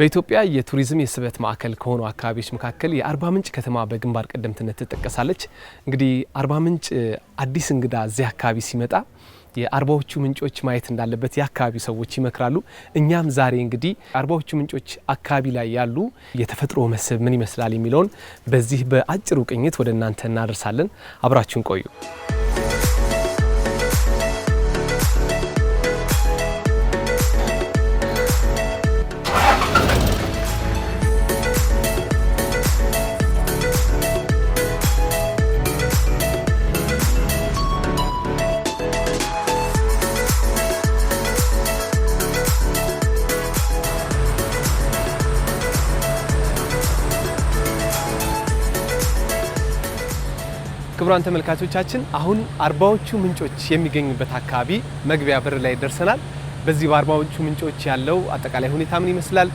በኢትዮጵያ የቱሪዝም የስበት ማዕከል ከሆኑ አካባቢዎች መካከል የአርባ ምንጭ ከተማ በግንባር ቀደምትነት ትጠቀሳለች። እንግዲህ አርባ ምንጭ አዲስ እንግዳ እዚህ አካባቢ ሲመጣ የአርባዎቹ ምንጮች ማየት እንዳለበት የአካባቢው ሰዎች ይመክራሉ። እኛም ዛሬ እንግዲህ አርባዎቹ ምንጮች አካባቢ ላይ ያሉ የተፈጥሮ መስህብ ምን ይመስላል የሚለውን በዚህ በአጭሩ ቅኝት ወደ እናንተ እናደርሳለን። አብራችሁን ቆዩ። ክቡራን ተመልካቾቻችን አሁን አርባዎቹ ምንጮች የሚገኙበት አካባቢ መግቢያ በር ላይ ደርሰናል። በዚህ በአርባዎቹ ምንጮች ያለው አጠቃላይ ሁኔታ ምን ይመስላል፣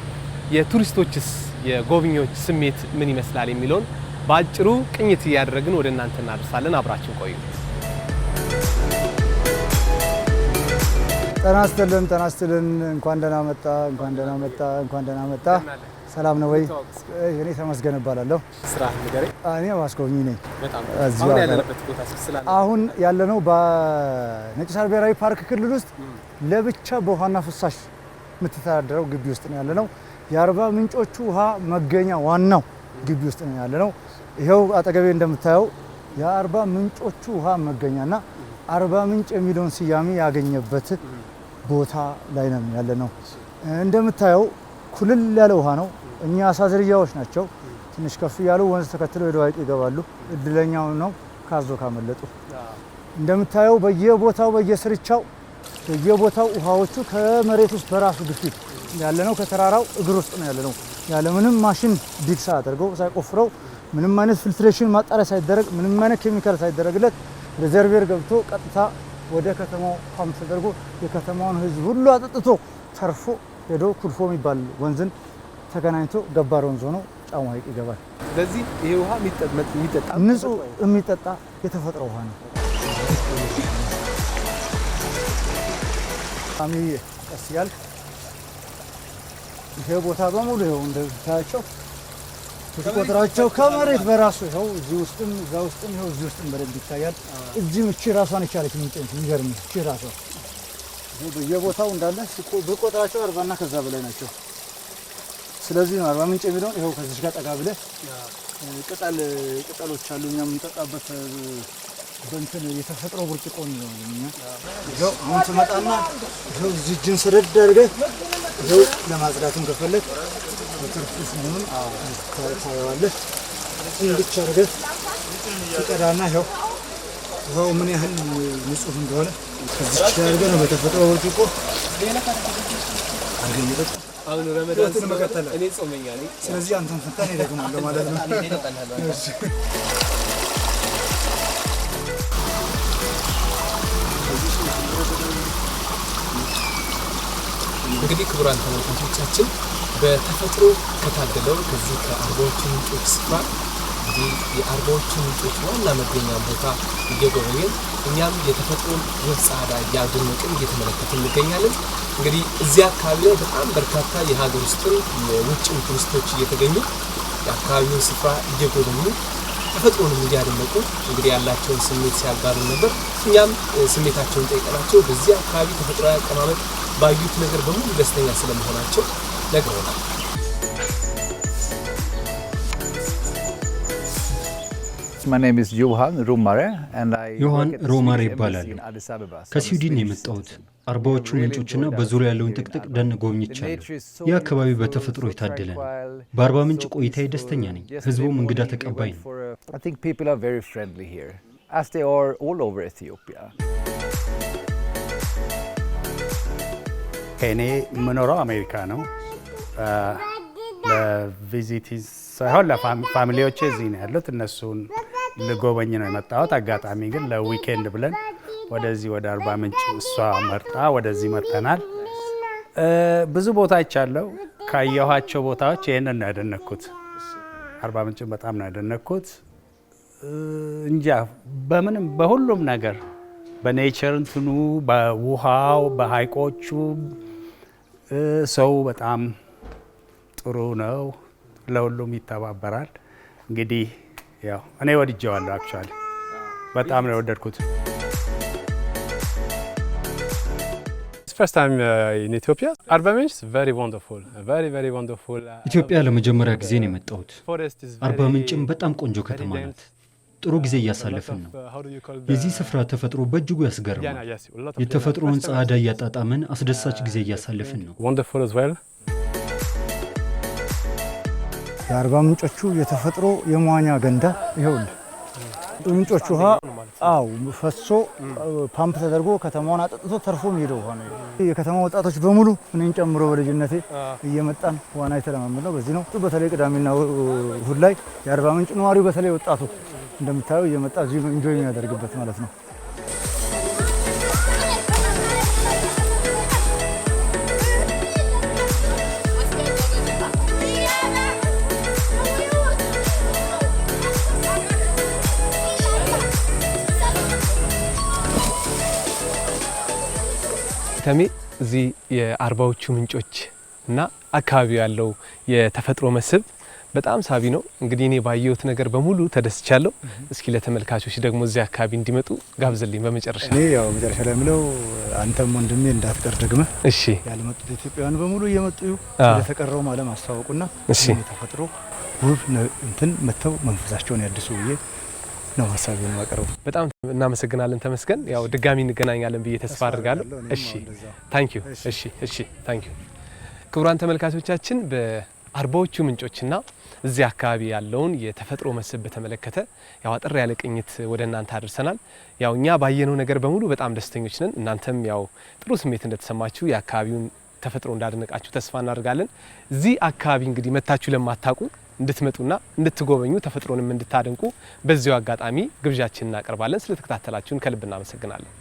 የቱሪስቶችስ የጎብኚዎች ስሜት ምን ይመስላል የሚለውን በአጭሩ ቅኝት እያደረግን ወደ እናንተ እናደርሳለን። አብራችን ቆዩ። ጤና ይስጥልን፣ ጤና ይስጥልን። እንኳን ደህና መጣ፣ እንኳን ደህና መጣ፣ እንኳን ደህና መጣ። ሰላም ነው ወይ? እኔ ተመስገን እባላለሁ። እኔ ማስጎብኝ ነኝ። አሁን ያለነው በነጭ ሳር ብሔራዊ ፓርክ ክልል ውስጥ ለብቻ በውሃና ፍሳሽ የምትተዳደረው ግቢ ውስጥ ነው ያለነው። የአርባ ምንጮቹ ውሃ መገኛ ዋናው ግቢ ውስጥ ነው ያለነው። ይኸው አጠገቤ እንደምታየው የአርባ ምንጮቹ ውሃ መገኛና አርባ ምንጭ የሚለውን ስያሜ ያገኘበት ቦታ ላይ ነው ያለነው። እንደምታየው ኩልል ያለ ውሃ ነው። እኛ አሳ ዝርያዎች ናቸው። ትንሽ ከፍ እያሉ ወንዝ ተከትለው ወደ ሐይቁ ይገባሉ። እድለኛው ነው ካዞ ካመለጡ። እንደምታየው በየቦታው በየስርቻው በየቦታው ውሃዎቹ ከመሬት ውስጥ በራሱ ግፊት ያለነው ከተራራው እግር ውስጥ ነው ያለነው። ያለ ምንም ማሽን ዲግ ሳያደርገው ሳይቆፍረው፣ ምንም አይነት ፊልትሬሽን ማጣሪያ ሳይደረግ፣ ምንም አይነት ኬሚካል ሳይደረግለት ሪዘርቬር ገብቶ ቀጥታ ወደ ከተማው ፓምፕ ተደርጎ የከተማውን ህዝብ ሁሉ አጠጥቶ ተርፎ ሄዶ ኩልፎ የሚባል ወንዝን ተገናኝቶ ገባር ወንዝ ሆኖ ጫሞ ሐይቅ ይገባል። ስለዚህ ይሄ ውሃ የሚጠጣ ንጹህ የሚጠጣ የተፈጥሮ ውሃ ነው። ሚ ቀስ ያልክ ይሄ ቦታ በሙሉ ይኸው እንደታያቸው ቁጥራቸው ከመሬት በራሱ ይኸው እዚህ ውስጥም እዛ ውስጥም ይኸው እዚህ ውስጥም በደንብ ይታያል። እዚህም እቺ ራሷን የቻለች ምንጭ የሚገርም እቺ ራሷ የቦታው እንዳለ በቁጥራቸው አርባና ከዛ በላይ ናቸው። ስለዚህ ነው አርባ ምንጭ የሚለውን ይኸው ከዚህ ጋር ጠጋ ብለህ ቅጠል ቅጠሎች አሉ። እኛ የምንጠጣበት በእንትን የተፈጥሮ ብርጭቆ እንለዋለን። ይኸው አሁን ትመጣና ይኸው እዚህ እጅን ስርድ አድርገህ ይኸው ለማጽዳትም ከፈለግ በትርፍ ምንም ታየዋለህ። ይህን ብቻ አድርገህ ትቀዳና ይኸው ውሃው ምን ያህል ንጹህ እንደሆነ ከዚች ጋር አድርገህ ነው በተፈጥሮ ብርጭቆ አድርገህ እየጠጣ አሁን ረመዳን ስለመቀጠል እኔ ጾመኛ ነኝ። ስለዚህ አንተን ፈተና ይደግማለሁ ማለት ነው። እንግዲህ ክቡራን ተመልካቾቻችን በተፈጥሮ ከታደለው ከዚህ ከአርባዎቹ ምንጮች ስፍራ ጊዜ የአርባዎቹን ምንጮች ዋና መገኛ ቦታ እየጎበኘን እኛም የተፈጥሮን ውብ ጸዳ እያደነቅን እየተመለከትን እንገኛለን። እንግዲህ እዚህ አካባቢ ላይ በጣም በርካታ የሀገር ውስጥን የውጭም ቱሪስቶች እየተገኙ የአካባቢውን ስፍራ እየጎበኙ ተፈጥሮንም እያደነቁ እንግዲህ ያላቸውን ስሜት ሲያጋሩ ነበር። እኛም ስሜታቸውን ጠይቀናቸው በዚህ አካባቢ ተፈጥሯዊ አቀማመጥ ባዩት ነገር በሙሉ ደስተኛ ስለመሆናቸው ነግረውናል። ዮሐን ሮማር ይባላሉ። ከስዊድን የመጣሁት አርባዎቹ ምንጮችና በዙሪያ ያለውን ጥቅጥቅ uh, ደን ጎብኝቻለሁ። ይህ አካባቢ በተፈጥሮ የታደለ ነው። በአርባ ምንጭ ቆይታ ደስተኛ ነኝ። ህዝቡም እንግዳ ተቀባይ ነው። uh, እኔ የምኖረው አሜሪካ ነው። ለቪዚቲ uh, ሳይሆን ለፋሚሊዎቼ እዚህ ነው ያሉት እነሱን ልጎበኝ ነው የመጣሁት። አጋጣሚ ግን ለዊኬንድ ብለን ወደዚህ ወደ አርባ ምንጭ እሷ መርጣ ወደዚህ መጥተናል። ብዙ ቦታ ይቻለው ካየኋቸው ቦታዎች ይህንን ነው ያደነኩት። አርባ ምንጭን በጣም ነው ያደነኩት። እንጃ በምንም በሁሉም ነገር በኔቸር እንትኑ፣ በውሃው፣ በሀይቆቹ ሰው በጣም ጥሩ ነው። ለሁሉም ይተባበራል እንግዲህ ያው እኔ ወድጄዋለሁ። አክቹዋሊ በጣም ነው የወደድኩት። uh, ኢትዮጵያ ለመጀመሪያ ጊዜ ነው የመጣሁት። አርባ ምንጭም በጣም ቆንጆ ከተማ ናት። ጥሩ ጊዜ እያሳለፍን ነው። uh, የዚህ ስፍራ ተፈጥሮ በእጅጉ ያስገርማል። የተፈጥሮውን ጸዓዳ እያጣጣምን አስደሳች ጊዜ እያሳለፍን ነው። የአርባ ምንጮቹ የተፈጥሮ የመዋኛ ገንዳ ይኸውል። ምንጮቹ ውሃ አው ፈሶ ፓምፕ ተደርጎ ከተማውን አጠጥቶ ተርፎ የሚሄደው ውሃ ነው። የከተማ ወጣቶች በሙሉ እኔን ጨምሮ በልጅነቴ እየመጣን ዋና የተለማመድ ነው። በዚህ ነው በተለይ ቅዳሜና እሁድ ላይ የአርባ ምንጭ ነዋሪው በተለይ ወጣቱ እንደምታየው እየመጣ እዚህ ኢንጆይ የሚያደርግበት ማለት ነው። መክተሜ እዚህ የአርባዎቹ ምንጮች እና አካባቢው ያለው የተፈጥሮ መስህብ በጣም ሳቢ ነው። እንግዲህ እኔ ባየሁት ነገር በሙሉ ተደስቻለሁ። እስኪ ለተመልካቾች ደግሞ እዚህ አካባቢ እንዲመጡ ጋብዘልኝ። በመጨረሻ እኔ ያው መጨረሻ ላይ ምለው አንተም ወንድሜ እንዳትቀር ደግመ እሺ፣ ያልመጡት ኢትዮጵያውያን በሙሉ እየመጡ ለተቀረው ዓለም አስተዋወቁና እሺ፣ ተፈጥሮ ውብ እንትን መጥተው መንፈሳቸውን ያድሱ ብዬ ነው ሀሳብ የማቀርቡ። በጣም እናመሰግናለን ተመስገን። ያው ድጋሚ እንገናኛለን ብዬ ተስፋ አድርጋለሁ። እሺ ታንኪዩ። እሺ እሺ ታንኪዩ። ክቡራን ተመልካቾቻችን በአርባዎቹ ምንጮችና እዚህ አካባቢ ያለውን የተፈጥሮ መስህብ በተመለከተ ያው አጠር ያለ ቅኝት ወደ እናንተ አድርሰናል። ያው እኛ ባየነው ነገር በሙሉ በጣም ደስተኞች ነን። እናንተም ያው ጥሩ ስሜት እንደተሰማችሁ የአካባቢውን ተፈጥሮ እንዳደነቃችሁ ተስፋ እናደርጋለን። እዚህ አካባቢ እንግዲህ መታችሁ ለማታውቁ እንድትመጡና እንድትጎበኙ ተፈጥሮንም እንድታደንቁ በዚሁ አጋጣሚ ግብዣችን እናቀርባለን። ስለተከታተላችሁን ከልብ እናመሰግናለን።